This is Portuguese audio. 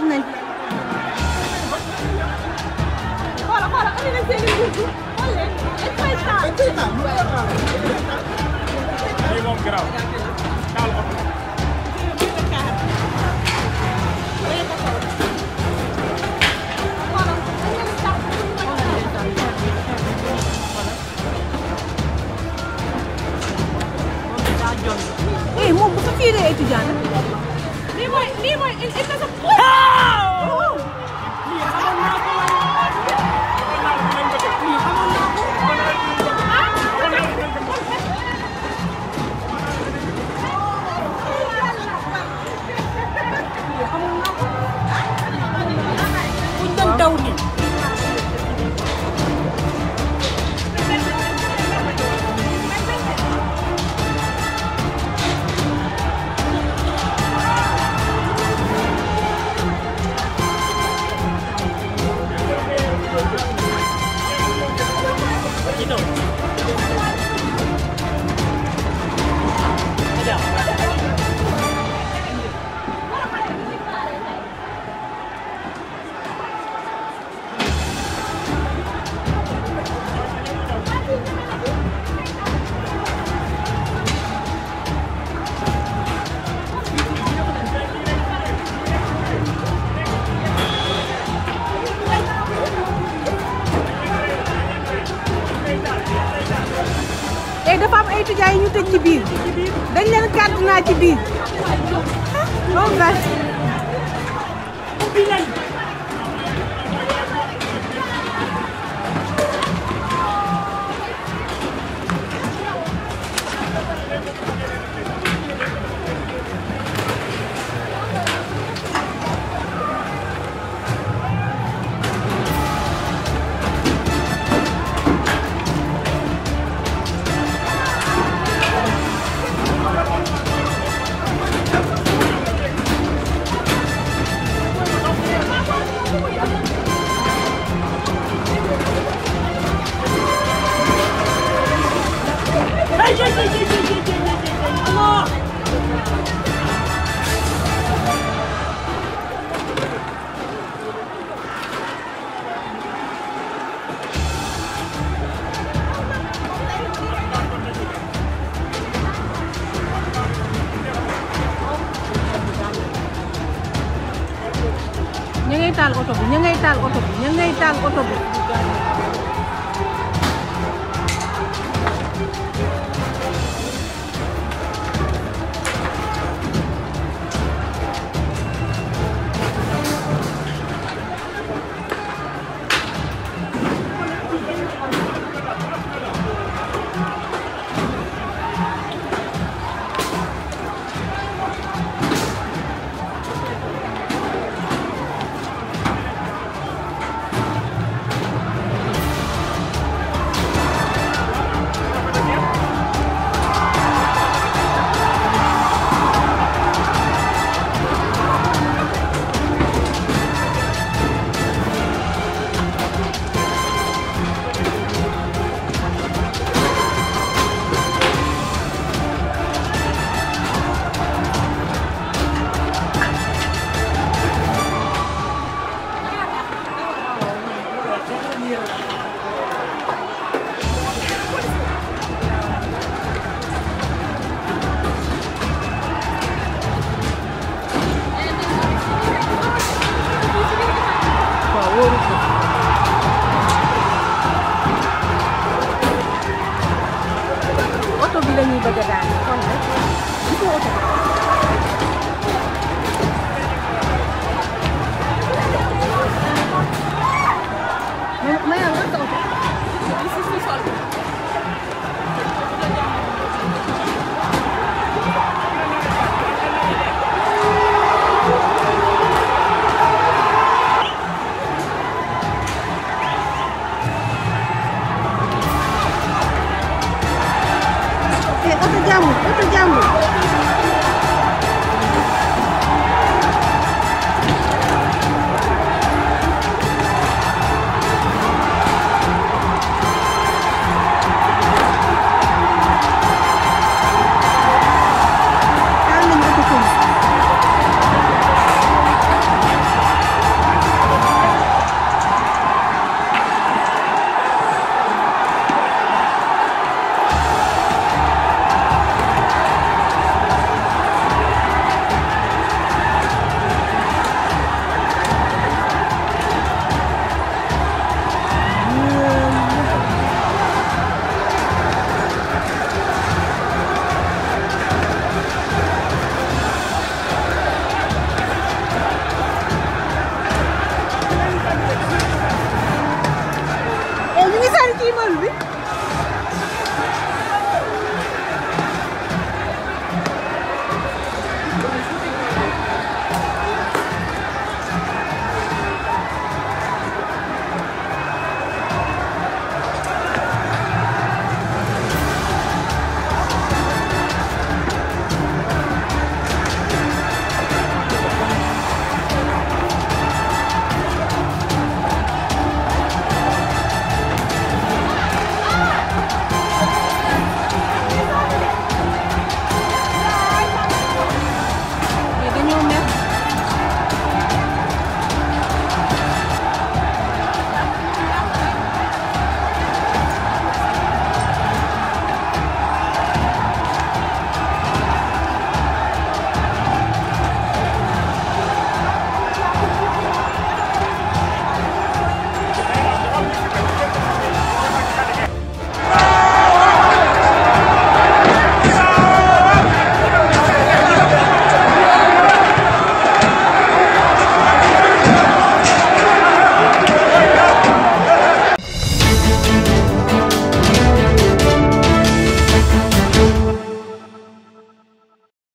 yardım edin. Bora, bora, elinizi elinizi. Olha, etme etme. Etme etme. Aí vamos grau. Calma. Ei, irmão, você direito, Diana. Mimo, Mimo, it, it doesn't work! Ah! tëj ci biir dañ leen kàddu naa ci biir ah はい ngay taal oto bi ña ngay taal oto bi 项目不是项目。